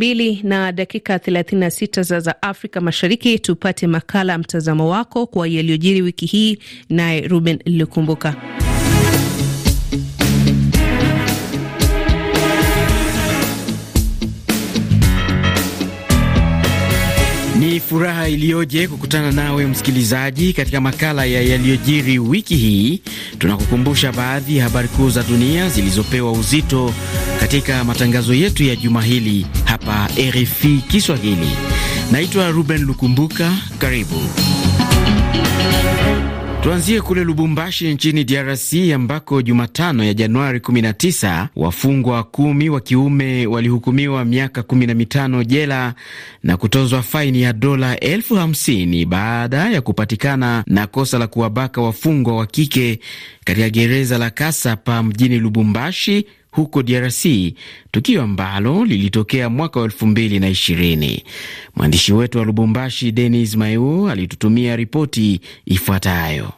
mbili na dakika 36 za za Afrika Mashariki, tupate makala mtazamo wako kwa yaliyojiri wiki hii, naye Ruben Lukumbuka. furaha iliyoje kukutana nawe msikilizaji, katika makala ya yaliyojiri wiki hii. Tunakukumbusha baadhi ya habari kuu za dunia zilizopewa uzito katika matangazo yetu ya juma hili hapa RFI Kiswahili. Naitwa Ruben Lukumbuka, karibu Tuanzie kule Lubumbashi nchini DRC ambako Jumatano ya Januari 19 wafungwa kumi wa kiume walihukumiwa miaka 15 jela na kutozwa faini ya dola elfu hamsini baada ya kupatikana na kosa la kuwabaka wafungwa wa kike katika gereza la Kasapa mjini Lubumbashi huko DRC, tukio ambalo lilitokea mwaka wa elfu mbili na ishirini. Mwandishi wetu wa Lubumbashi, Denis Mayu, alitutumia ripoti ifuatayo.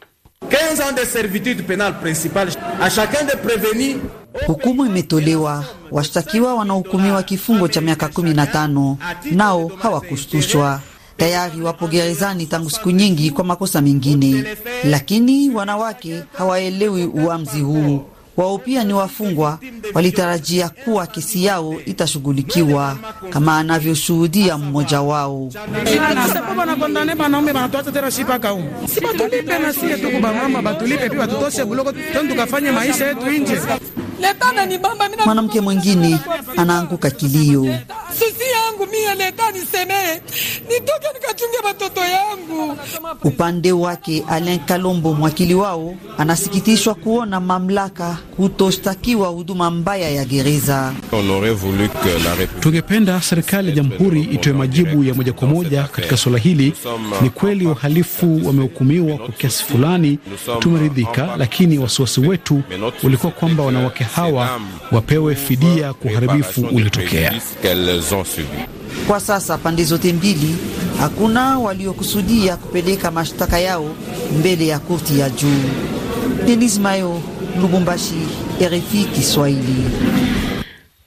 Hukumu imetolewa, washtakiwa wanahukumiwa kifungo cha miaka 15 nao hawakushtushwa tayari wapo gerezani tangu siku nyingi kwa makosa mengine, lakini wanawake hawaelewi uamuzi huu wao pia ni wafungwa, walitarajia kuwa kesi yao itashughulikiwa kama anavyoshuhudia mmoja wao. Mwanamke mwingine anaanguka kilio leta nisemee, nitoke nikachunge watoto yangu. Upande wake Alain Kalombo, mwakili wao, anasikitishwa kuona mamlaka kutoshtakiwa huduma mbaya ya gereza. Tungependa serikali ya jamhuri itoe majibu ya moja kwa moja katika suala hili. Ni kweli wahalifu wamehukumiwa kwa kiasi fulani, tumeridhika, lakini wasiwasi wetu ulikuwa kwamba wanawake hawa wapewe fidia kwa uharibifu uliotokea. Kwa sasa pande zote mbili hakuna waliokusudia kupeleka mashtaka yao mbele ya korti ya juu. Denis Mayo, Lubumbashi, RFI Kiswahili.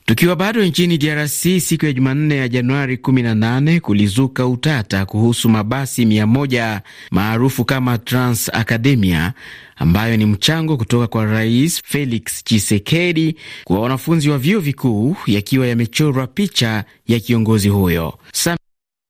Tukiwa bado nchini DRC, siku ya Jumanne ya Januari 18 kulizuka utata kuhusu mabasi 100 maarufu kama Trans Academia, ambayo ni mchango kutoka kwa Rais Felix Tshisekedi kwa wanafunzi wa vyuo vikuu, yakiwa yamechorwa picha ya kiongozi huyo. Sam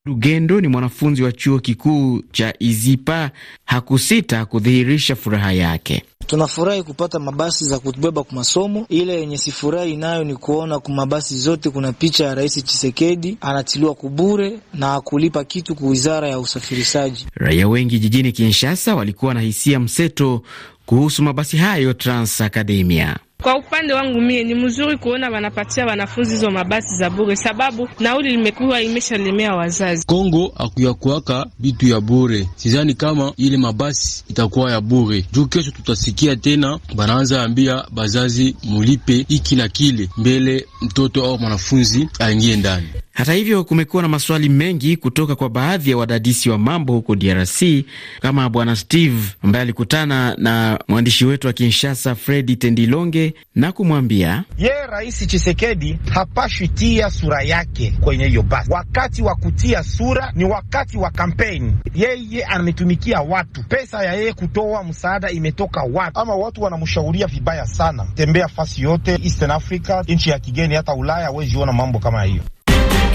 Lugendo ni mwanafunzi wa chuo kikuu cha Izipa, hakusita kudhihirisha furaha yake. Tunafurahi kupata mabasi za kutubeba kwa masomo. Ile yenye sifurahi nayo ni kuona kwa mabasi zote kuna picha ya Rais Chisekedi anatiliwa kubure na akulipa kitu kwa wizara ya usafirishaji. Raia wengi jijini Kinshasa walikuwa na hisia mseto kuhusu mabasi hayo Trans Academia. Kwa upande wangu mie ni mzuri kuona wanapatia wanafunzi hizo mabasi za bure, sababu nauli limekuwa imeshalemea wazazi. Kongo akuyakuaka bitu ya bure, sizani kama ile mabasi itakuwa ya bure juu kesho tutasikia tena banaanza ambia bazazi mulipe iki na kile mbele mtoto au mwanafunzi aingie ndani. Hata hivyo, kumekuwa na maswali mengi kutoka kwa baadhi ya wadadisi wa mambo huko DRC kama Bwana Steve ambaye alikutana na mwandishi wetu wa Kinshasa Fredi Tendilonge na kumwambia ye Rais Chisekedi hapashwi tia sura yake kwenye hiyo basi. Wakati wa kutia sura ni wakati wa kampeni. Yeye ametumikia watu, pesa ya yeye kutoa msaada imetoka watu, ama watu wanamshauria vibaya sana. Tembea fasi yote Eastern Africa, nchi ya kigeni, hata Ulaya, ona mambo kama hiyo.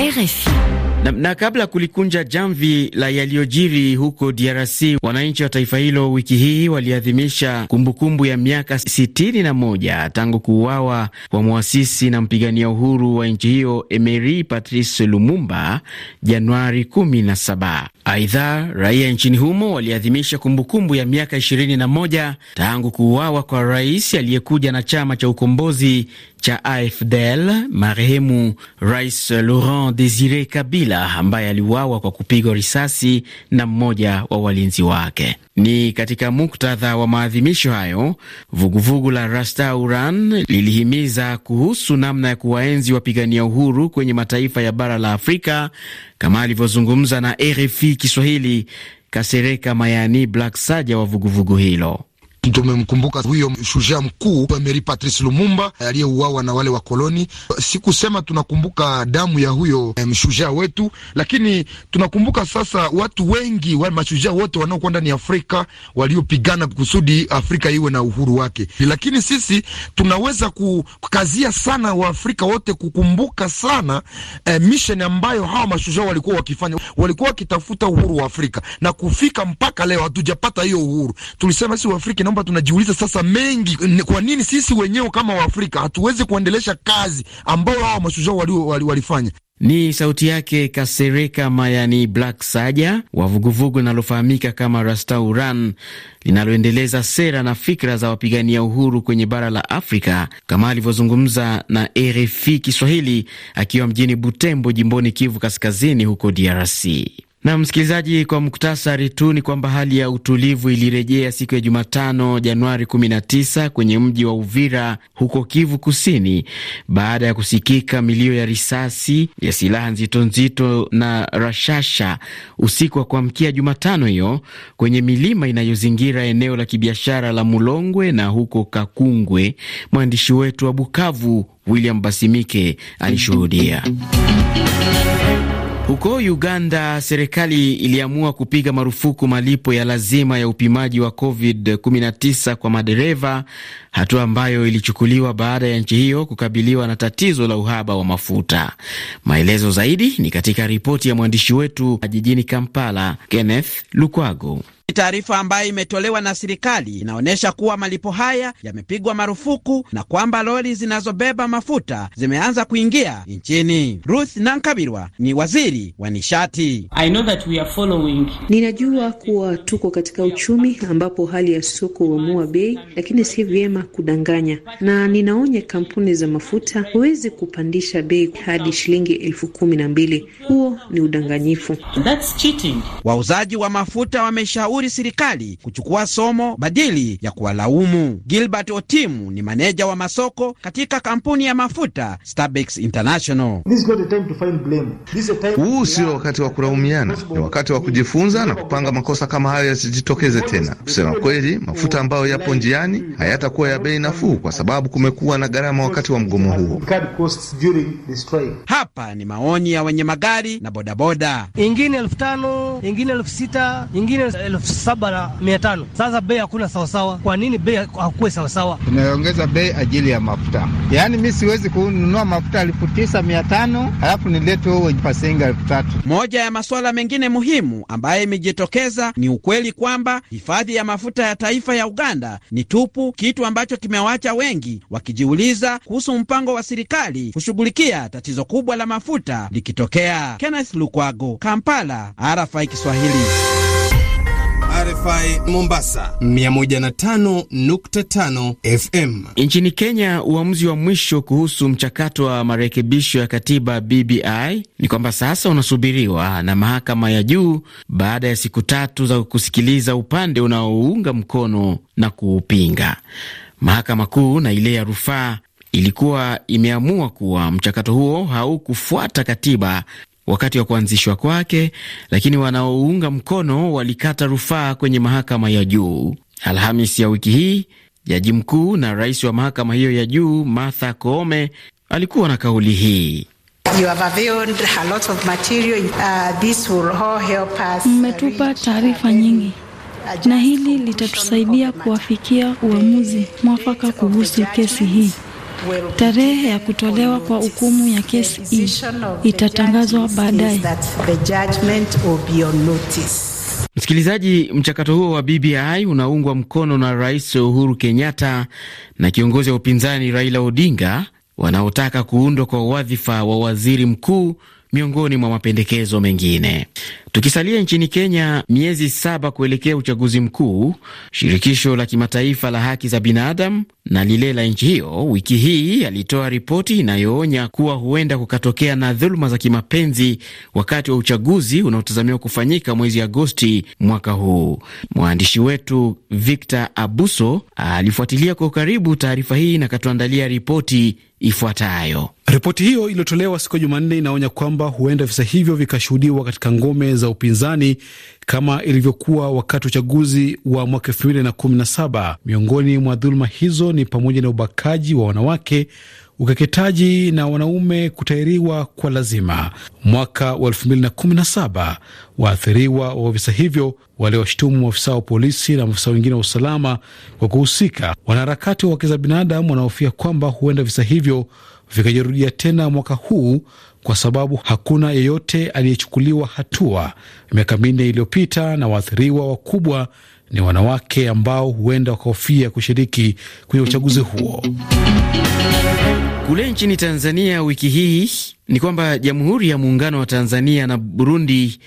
RFI. Na, na kabla kulikunja jamvi la yaliyojiri huko DRC, wananchi wa taifa hilo wiki hii waliadhimisha kumbukumbu ya miaka sitini na moja tangu kuuawa kwa mwasisi na mpigania uhuru wa nchi hiyo Emery Patrice Lumumba Januari 17. Aidha, raia nchini humo waliadhimisha kumbukumbu ya miaka 21 tangu kuuawa kwa rais aliyekuja na chama cha ukombozi cha AFDL marehemu Rais Laurent Desire Kabila Kabila ambaye aliuawa kwa kupigwa risasi na mmoja wa walinzi wake. Ni katika muktadha wa maadhimisho hayo, vuguvugu vugu la Rastauran lilihimiza kuhusu namna ya kuwaenzi wapigania uhuru kwenye mataifa ya bara la Afrika, kama alivyozungumza na RFI Kiswahili Kasereka Mayani Black Saja wa vuguvugu vugu hilo. Tumemkumbuka huyo shujaa mkuu Emery Patrice Lumumba aliyeuawa na wale wakoloni. Sikusema tunakumbuka damu ya huyo mshujaa wetu, lakini tunakumbuka sasa watu wengi wale mashujaa wote wanaokuwa ndani ya Afrika waliopigana kusudi Afrika iwe na uhuru wake. Lakini sisi tunaweza kukazia sana Waafrika wote kukumbuka sana eh, mission ambayo hawa mashujaa walikuwa wakifanya. Walikuwa wakitafuta uhuru wa Afrika na kufika mpaka leo hatujapata hiyo uhuru. Tulisema sisi Waafrika naomba tunajiuliza sasa mengi, kwa nini sisi wenyewe kama Waafrika hatuwezi kuendelesha kazi ambayo hawa mashujaa walifanya? Ni sauti yake Kasereka Mayani Black Saja wa vuguvugu linalofahamika kama Rastauran linaloendeleza sera na fikra za wapigania uhuru kwenye bara la Afrika, kama alivyozungumza na RFI Kiswahili akiwa mjini Butembo, jimboni Kivu Kaskazini, huko DRC. Na msikilizaji, kwa muktasari tu ni kwamba hali ya utulivu ilirejea siku ya Jumatano, Januari 19 kwenye mji wa Uvira huko Kivu Kusini, baada ya kusikika milio ya risasi ya silaha nzito nzito na rashasha usiku wa kuamkia Jumatano hiyo kwenye milima inayozingira eneo la kibiashara la Mulongwe na huko Kakungwe. Mwandishi wetu wa Bukavu William Basimike alishuhudia huko Uganda, serikali iliamua kupiga marufuku malipo ya lazima ya upimaji wa COVID-19 kwa madereva, hatua ambayo ilichukuliwa baada ya nchi hiyo kukabiliwa na tatizo la uhaba wa mafuta. Maelezo zaidi ni katika ripoti ya mwandishi wetu jijini Kampala, Kenneth Lukwago. Taarifa ambayo imetolewa na serikali inaonyesha kuwa malipo haya yamepigwa marufuku na kwamba lori zinazobeba mafuta zimeanza kuingia nchini. Ruth Nankabirwa ni waziri wa nishati. following... Ninajua kuwa tuko katika uchumi ambapo hali ya soko huamua bei, lakini si vyema kudanganya, na ninaonya kampuni za mafuta, huwezi kupandisha bei hadi shilingi elfu kumi na mbili. Huo ni udanganyifu. That's cheating. Wauzaji wa mafuta wameshauri kuishauri serikali kuchukua somo badili ya kuwalaumu. Gilbert Otimu ni maneja wa masoko katika kampuni ya mafuta Stabex International. Huu sio wakati wa kulaumiana, ni wakati wa kujifunza na kupanga makosa kama hayo yasijitokeze tena. Kusema kweli, mafuta ambayo yapo njiani hayatakuwa ya bei nafuu kwa sababu kumekuwa na gharama wakati wa mgomo huo. Hapa ni maoni ya wenye magari na bodaboda. Ingine elfu tano, ingine elfu sita, ingine elfu saba na mia tano. Sasa bei hakuna sawasawa. Kwa nini bei hakuwe sawasawa? Tunaongeza bei ajili ya mafuta, yaani mi siwezi kununua mafuta elfu tisa mia tano alafu nilete huo pasenga elfu tatu. Moja ya masuala mengine muhimu ambayo imejitokeza ni ukweli kwamba hifadhi ya mafuta ya taifa ya Uganda ni tupu, kitu ambacho kimewacha wengi wakijiuliza kuhusu mpango wa serikali kushughulikia tatizo kubwa la mafuta likitokea. Kenneth Lukwago, Kampala, RFI Kiswahili. RFI Mombasa 105.5 FM. Nchini Kenya, uamuzi wa mwisho kuhusu mchakato wa marekebisho ya katiba BBI ni kwamba sasa unasubiriwa na mahakama ya juu baada ya siku tatu za kusikiliza upande unaounga mkono na kuupinga. Mahakama Kuu na ile ya rufaa ilikuwa imeamua kuwa mchakato huo haukufuata katiba wakati wa kuanzishwa kwake, lakini wanaounga mkono walikata rufaa kwenye mahakama ya juu. Alhamis ya wiki hii, jaji mkuu na rais wa mahakama hiyo ya juu Martha Koome alikuwa na kauli hii: uh, mmetupa uh, taarifa nyingi na hili litatusaidia kuwafikia uamuzi mwafaka kuhusu kesi hii. Tarehe ya kutolewa kwa hukumu ya kesi hii itatangazwa baadaye. Msikilizaji, mchakato huo wa BBI unaungwa mkono na Rais Uhuru Kenyatta na kiongozi wa upinzani Raila Odinga wanaotaka kuundwa kwa wadhifa wa waziri mkuu miongoni mwa mapendekezo mengine. Tukisalia nchini Kenya, miezi saba kuelekea uchaguzi mkuu, shirikisho la kimataifa la haki za binadamu na lile la nchi hiyo wiki hii alitoa ripoti inayoonya kuwa huenda kukatokea na dhuluma za kimapenzi wakati wa uchaguzi unaotazamiwa kufanyika mwezi Agosti mwaka huu. Mwandishi wetu Victor Abuso alifuatilia kwa ukaribu taarifa hii na katuandalia ripoti ifuatayo. Ripoti hiyo iliyotolewa siku ya Jumanne inaonya kwamba huenda visa hivyo vikashuhudiwa katika ngome za upinzani kama ilivyokuwa wakati wa uchaguzi wa mwaka elfu mbili na kumi na saba. Miongoni mwa dhuluma hizo ni pamoja na ubakaji wa wanawake, ukeketaji na wanaume kutairiwa kwa lazima. Mwaka wa elfu mbili na kumi na saba, waathiriwa wa visa hivyo waliwashutumu maafisa wa polisi na maafisa wengine wa usalama kwa kuhusika. Wanaharakati wa haki za binadamu wanahofia kwamba huenda visa hivyo vikajirudia tena mwaka huu kwa sababu hakuna yeyote aliyechukuliwa hatua miaka minne iliyopita, na waathiriwa wakubwa ni wanawake ambao huenda wakahofia kushiriki kwenye uchaguzi huo. Kule nchini Tanzania wiki hii ni kwamba Jamhuri ya Muungano wa Tanzania na Burundi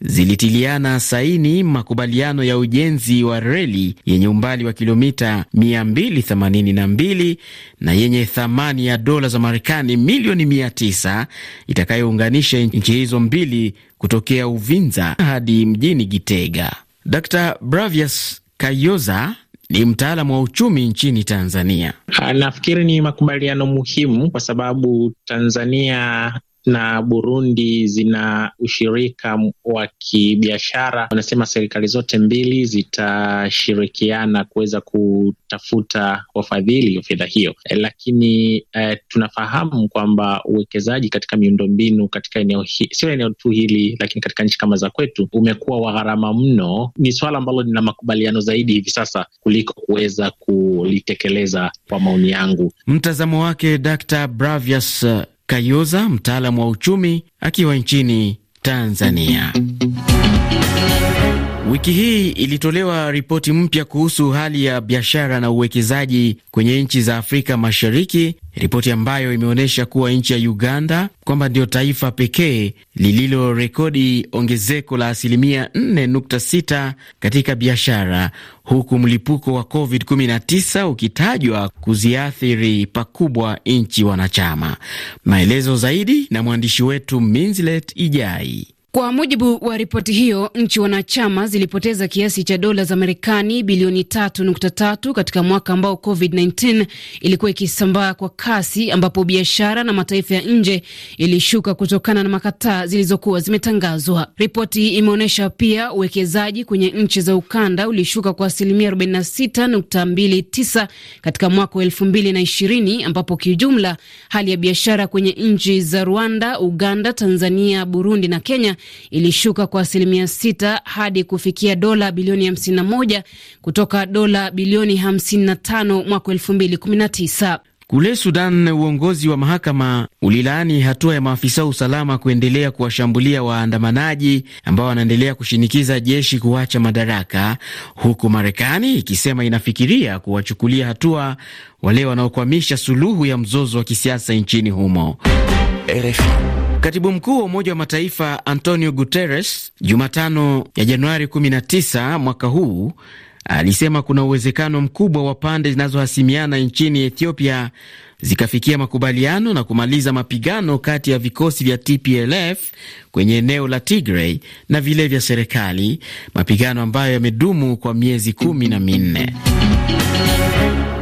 zilitiliana saini makubaliano ya ujenzi wa reli yenye umbali wa kilomita 282 na yenye thamani ya dola za Marekani milioni 900 itakayounganisha nchi hizo mbili kutokea Uvinza hadi mjini Gitega. Dr. Bravias Kayoza ni mtaalamu wa uchumi nchini Tanzania. Nafikiri ni makubaliano muhimu kwa sababu Tanzania na Burundi zina ushirika wa kibiashara. Wanasema serikali zote mbili zitashirikiana kuweza kutafuta wafadhili wa fedha hiyo. Eh, lakini eh, tunafahamu kwamba uwekezaji katika miundombinu katika eneo hii, sio eneo tu hili, lakini katika nchi kama za kwetu umekuwa wa gharama mno. Ni swala ambalo lina makubaliano zaidi hivi sasa kuliko kuweza kulitekeleza, kwa maoni yangu. Mtazamo wake Dr. Bravias eh, Kayoza, mtaalamu wa uchumi akiwa nchini Tanzania. Wiki hii ilitolewa ripoti mpya kuhusu hali ya biashara na uwekezaji kwenye nchi za Afrika Mashariki, ripoti ambayo imeonyesha kuwa nchi ya Uganda kwamba ndiyo taifa pekee lililorekodi ongezeko la asilimia 4.6 katika biashara, huku mlipuko wa COVID-19 ukitajwa kuziathiri pakubwa nchi wanachama. Maelezo zaidi na mwandishi wetu Minzlet Ijai. Kwa mujibu wa ripoti hiyo, nchi wanachama zilipoteza kiasi cha dola za Marekani bilioni 3.3 katika mwaka ambao COVID-19 ilikuwa ikisambaa kwa kasi, ambapo biashara na mataifa ya nje ilishuka kutokana na makataa zilizokuwa zimetangazwa. Ripoti imeonyesha pia uwekezaji kwenye nchi za ukanda ulishuka kwa asilimia 46.29 katika mwaka wa 2020, ambapo kiujumla hali ya biashara kwenye nchi za Rwanda, Uganda, Tanzania, Burundi na Kenya ilishuka kwa asilimia 6 hadi kufikia dola bilioni 51 kutoka dola bilioni 55 mwaka 2019. Kule Sudan, uongozi wa mahakama ulilaani hatua ya maafisa wa usalama kuendelea kuwashambulia waandamanaji ambao wanaendelea kushinikiza jeshi kuacha madaraka, huku Marekani ikisema inafikiria kuwachukulia hatua wale wanaokwamisha suluhu ya mzozo wa kisiasa nchini humo. RFI. Katibu mkuu wa Umoja wa Mataifa Antonio Guterres Jumatano ya Januari 19 mwaka huu alisema kuna uwezekano mkubwa wa pande zinazohasimiana nchini Ethiopia zikafikia makubaliano na kumaliza mapigano kati ya vikosi vya TPLF kwenye eneo la Tigray na vile vya serikali, mapigano ambayo yamedumu kwa miezi kumi na minne.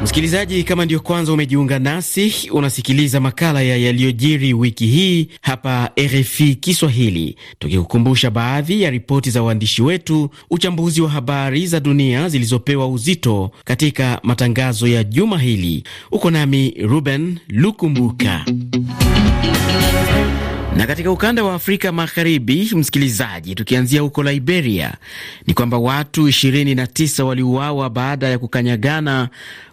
Msikilizaji, kama ndiyo kwanza umejiunga nasi, unasikiliza makala ya yaliyojiri wiki hii hapa RFI Kiswahili, tukikukumbusha baadhi ya ripoti za waandishi wetu, uchambuzi wa habari za dunia zilizopewa uzito katika matangazo ya juma hili. Uko nami Ruben Lukumbuka. Na katika ukanda wa Afrika Magharibi, msikilizaji, tukianzia huko Liberia, ni kwamba watu 29 waliuawa baada ya kukanyagana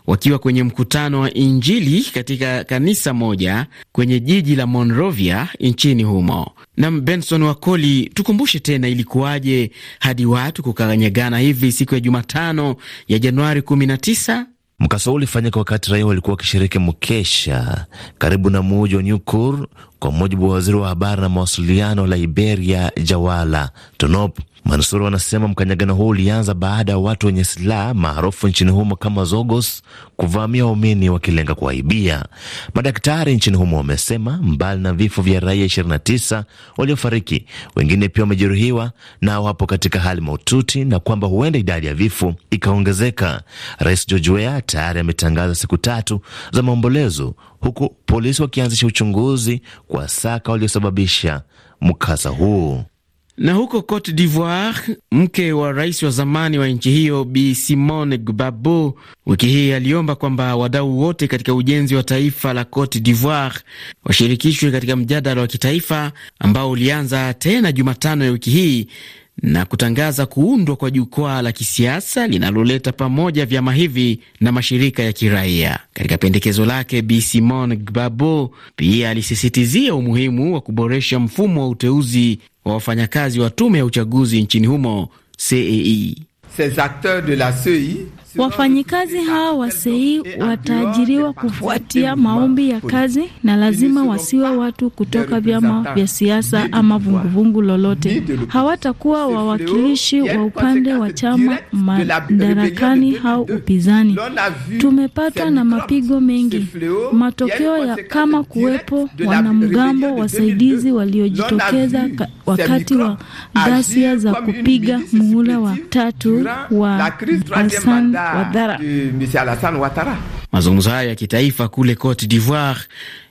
wakiwa kwenye mkutano wa Injili katika kanisa moja kwenye jiji la Monrovia nchini humo. Nam Benson Wakoli, tukumbushe tena ilikuwaje hadi watu kukanyagana hivi siku ya Jumatano ya Januari 19? Mkasa huu ulifanyika wakati raia walikuwa wakishiriki mkesha karibu na muuji wa Nyukur kwa mujibu wa waziri wa habari na mawasiliano Liberia, Jawala Tonop, Mansuru wanasema mkanyagano huo ulianza baada ya watu wenye silaha maarufu nchini humo kama Zogos kuvamia waumini wakilenga kuwaibia. Madaktari nchini humo wamesema mbali na vifo vya raia 29 waliofariki, wengine pia wamejeruhiwa na wapo katika hali mahututi na kwamba huenda idadi ya vifo ikaongezeka. Rais George Weah tayari ametangaza siku tatu za maombolezo, huku polisi wakianzisha uchunguzi kwa saka waliosababisha mkasa huu. Na huko Cote d'Ivoire, mke wa rais wa zamani wa nchi hiyo Bi Simone Gbagbo wiki hii aliomba kwamba wadau wote katika ujenzi wa taifa la Cote d'Ivoire washirikishwe katika mjadala wa kitaifa ambao ulianza tena Jumatano ya wiki hii na kutangaza kuundwa kwa jukwaa la kisiasa linaloleta pamoja vyama hivi na mashirika ya kiraia. Katika pendekezo lake, Bi simon gbabo pia alisisitizia umuhimu wa kuboresha mfumo wa uteuzi wa wafanyakazi wa tume ya uchaguzi nchini humo e. CEI. Wafanyikazi hawa wasei wataajiriwa kufuatia maombi ya kazi na lazima wasiwe watu kutoka vyama vya siasa ama vunguvungu lolote. Hawatakuwa wawakilishi wa upande wa chama madarakani au upinzani. Tumepata na mapigo mengi, matokeo ya kama kuwepo wanamgambo wasaidizi waliojitokeza wakati wa ghasia za kupiga muhula wa tatu wa Hassan Watara. Mazungumzo hayo ya kitaifa kule Cote d'Ivoire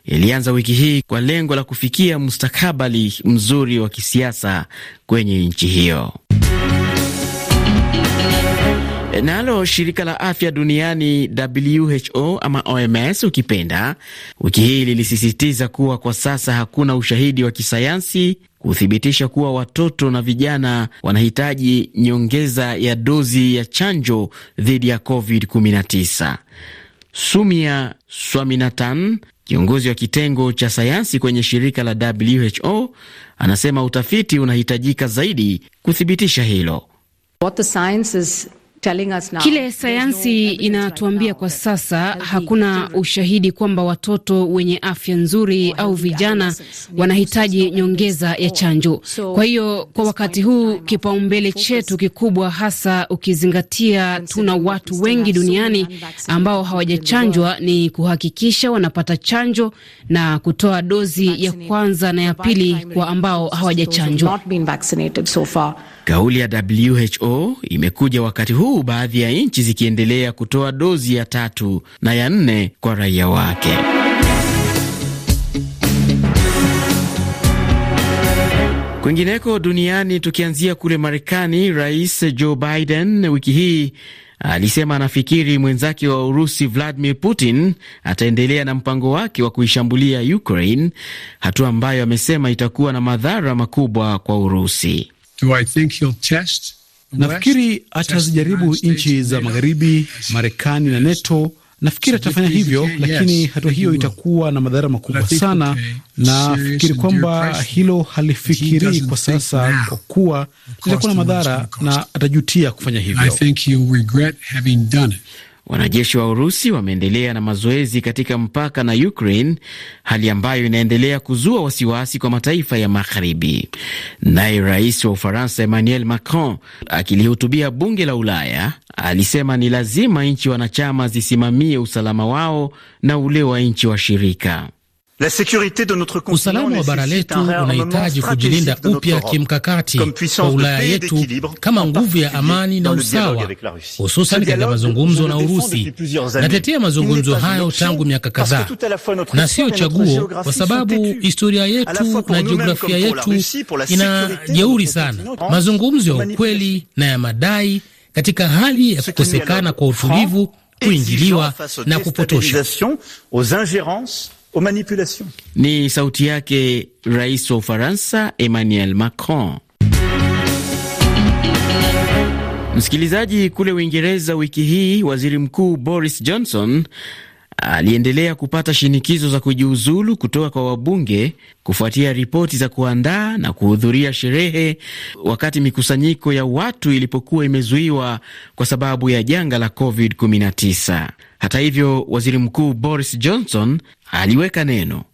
yalianza wiki hii kwa lengo la kufikia mustakabali mzuri wa kisiasa kwenye nchi hiyo. Nalo shirika la afya duniani WHO ama OMS ukipenda, wiki hii lilisisitiza kuwa kwa sasa hakuna ushahidi wa kisayansi kuthibitisha kuwa watoto na vijana wanahitaji nyongeza ya dozi ya chanjo dhidi ya COVID-19. Sumia Swaminathan, kiongozi wa kitengo cha sayansi kwenye shirika la WHO, anasema utafiti unahitajika zaidi kuthibitisha hilo. What the science is Kile sayansi inatuambia kwa sasa, hakuna ushahidi kwamba watoto wenye afya nzuri au vijana wanahitaji nyongeza ya chanjo. Kwa hiyo kwa wakati huu kipaumbele chetu kikubwa, hasa ukizingatia tuna watu wengi duniani ambao hawajachanjwa, ni kuhakikisha wanapata chanjo na kutoa dozi ya kwanza na ya pili kwa ambao hawajachanjwa. Kauli ya WHO imekuja wakati huu baadhi ya nchi zikiendelea kutoa dozi ya tatu na ya nne kwa raia wake. Kwingineko duniani, tukianzia kule Marekani, Rais Joe Biden wiki hii alisema anafikiri mwenzake wa Urusi Vladimir Putin ataendelea na mpango wake wa kuishambulia Ukraine, hatua ambayo amesema itakuwa na madhara makubwa kwa Urusi nafikiri atazijaribu nchi za magharibi, Marekani na NATO. Nafikiri atafanya hivyo, lakini hatua hiyo itakuwa na madhara makubwa sana. Nafikiri kwamba hilo halifikirii kwa sasa, kwa kuwa litakuwa na madhara na atajutia kufanya hivyo. Wanajeshi wa Urusi wameendelea na mazoezi katika mpaka na Ukraine, hali ambayo inaendelea kuzua wasiwasi kwa mataifa ya Magharibi. Naye rais wa Ufaransa Emmanuel Macron akilihutubia bunge la Ulaya alisema ni lazima nchi wanachama zisimamie usalama wao na ule wa nchi washirika. Usalama wa bara letu unahitaji kujilinda upya kimkakati kwa Ulaya yetu kama nguvu ya amani na usawa, hususan katika mazungumzo na Urusi. Natetea mazungumzo hayo tangu miaka kadhaa, na siyo chaguo, kwa sababu historia yetu na jiografia yetu ina jeuri sana. Mazungumzo ya ukweli na ya madai katika hali ya kukosekana kwa utulivu, kuingiliwa na kupotosha aux manipulations. Ni sauti yake Rais wa Ufaransa Emmanuel Macron. Msikilizaji, kule Uingereza wiki hii waziri mkuu Boris Johnson aliendelea kupata shinikizo za kujiuzulu kutoka kwa wabunge kufuatia ripoti za kuandaa na kuhudhuria sherehe wakati mikusanyiko ya watu ilipokuwa imezuiwa kwa sababu ya janga la COVID-19. Hata hivyo, waziri mkuu Boris Johnson aliweka neno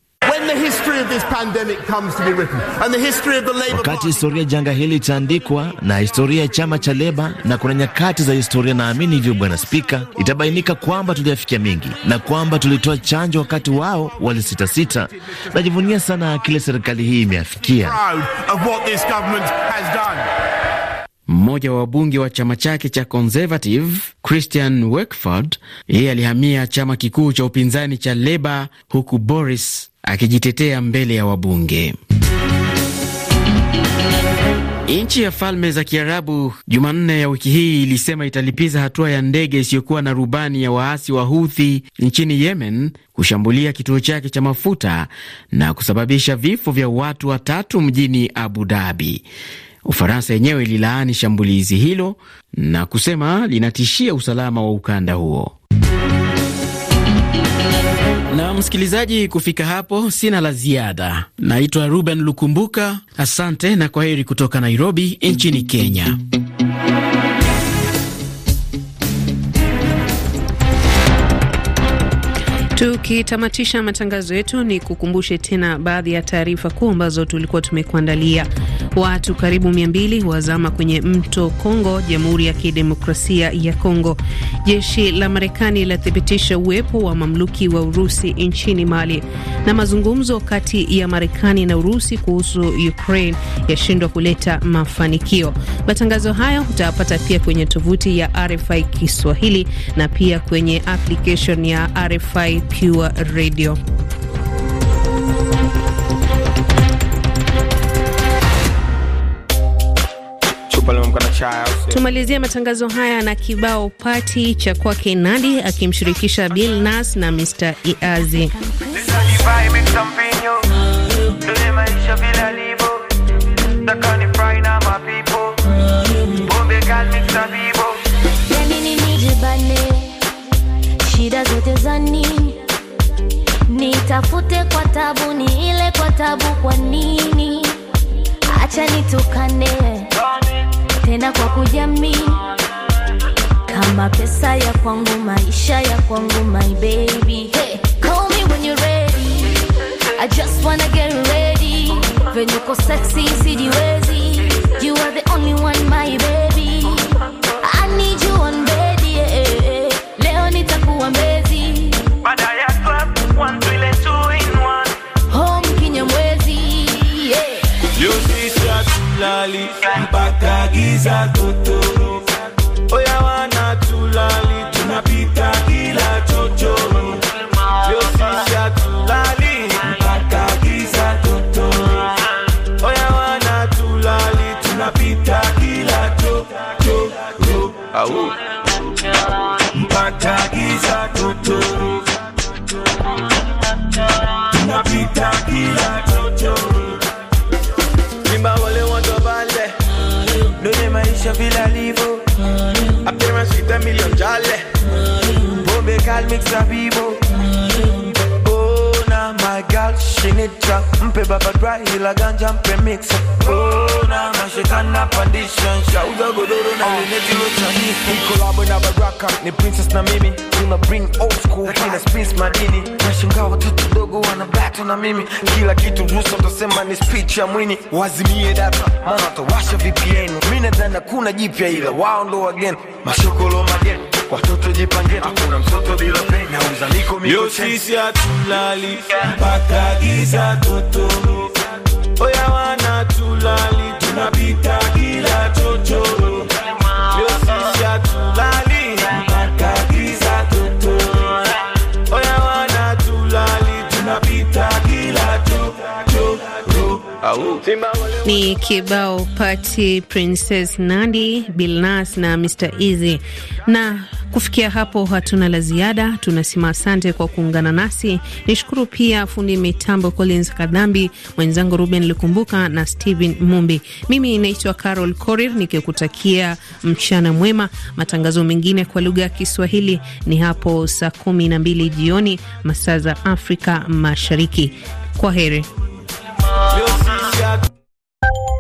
wakati historia janga hili itaandikwa na historia ya chama cha Leba, na kuna nyakati za historia, naamini hivyo Bwana Spika, itabainika kwamba tuliafikia mingi na kwamba tulitoa chanjo wakati wao walisitasita. Najivunia sana kile serikali hii imeafikia. Mmoja wa wabunge wa chama chake cha Conservative Christian Wakeford, yeye alihamia chama kikuu cha upinzani cha Leba, huku Boris akijitetea mbele ya wabunge. Nchi ya Falme za Kiarabu Jumanne ya wiki hii ilisema italipiza hatua ya ndege isiyokuwa na rubani ya waasi wa huthi nchini Yemen kushambulia kituo chake cha mafuta na kusababisha vifo vya watu watatu mjini Abu Dhabi. Ufaransa yenyewe ililaani shambulizi hilo na kusema linatishia usalama wa ukanda huo msikilizaji, kufika hapo sina la ziada. Naitwa Ruben Lukumbuka, asante na kwa heri kutoka Nairobi nchini Kenya. Tukitamatisha matangazo yetu, ni kukumbushe tena baadhi ya taarifa kuu ambazo tulikuwa tumekuandalia. Watu karibu mbili wazama kwenye mto Kongo, Jamhuri ya Kidemokrasia ya Kongo. Jeshi la Marekani lathibitisha uwepo wa mamluki wa Urusi nchini Mali, na mazungumzo kati ya Marekani na Urusi kuhusu Ukraine yashindwa kuleta mafanikio. Matangazo hayo utayapata pia kwenye tovuti ya RFI Kiswahili na pia kwenye application ya RFI Pure Radio. Tumalizia matangazo haya na kibao pati cha kwake Nadi akimshirikisha Bill nas na Mr iazi yaani Shida zote zani nitafute kwa tabu, ni ile kwa tabu. Kwa nini? Acha nitukane tena kwa kujamii, kama pesa ya kwangu, maisha ya kwangu, my baby hey, call me when you're ready. I just wanna get ready, venye uko sexy sijiwezi i vis la livo. Après million de Bombé, calme, a ça shinicha mpe babadra ila ganja mpe mixa kona mashekana pandisha nshauza godoro na ah. lenetilochanifu kolabo na baraka ni princess na mimi tuna bring old school kina spins madini nashangaa watoto dogo wana bato na mimi kila kitu rusa utasema ni speech ya mwini wazimie data maana watawasha vpn mi nadhana kuna jipya ila wao ndo wageni mashokolo mageni sisi hatulali mpaka giza oya wana tulali, tunapita kila chochoro. Leo sisi hatulali mpaka giza oya wana tulali, tunapita kila chochoro. Au ni kibao pati Princess Nandi Bilnas na Mr Easy na Kufikia hapo hatuna la ziada, tunasema asante kwa kuungana nasi. Nishukuru pia fundi mitambo Collins Kadhambi, mwenzangu Ruben Likumbuka na Steven Mumbi. Mimi naitwa Carol Korir nikikutakia mchana mwema. Matangazo mengine kwa lugha ya Kiswahili ni hapo saa kumi na mbili jioni masaa za Afrika Mashariki. Kwa heri.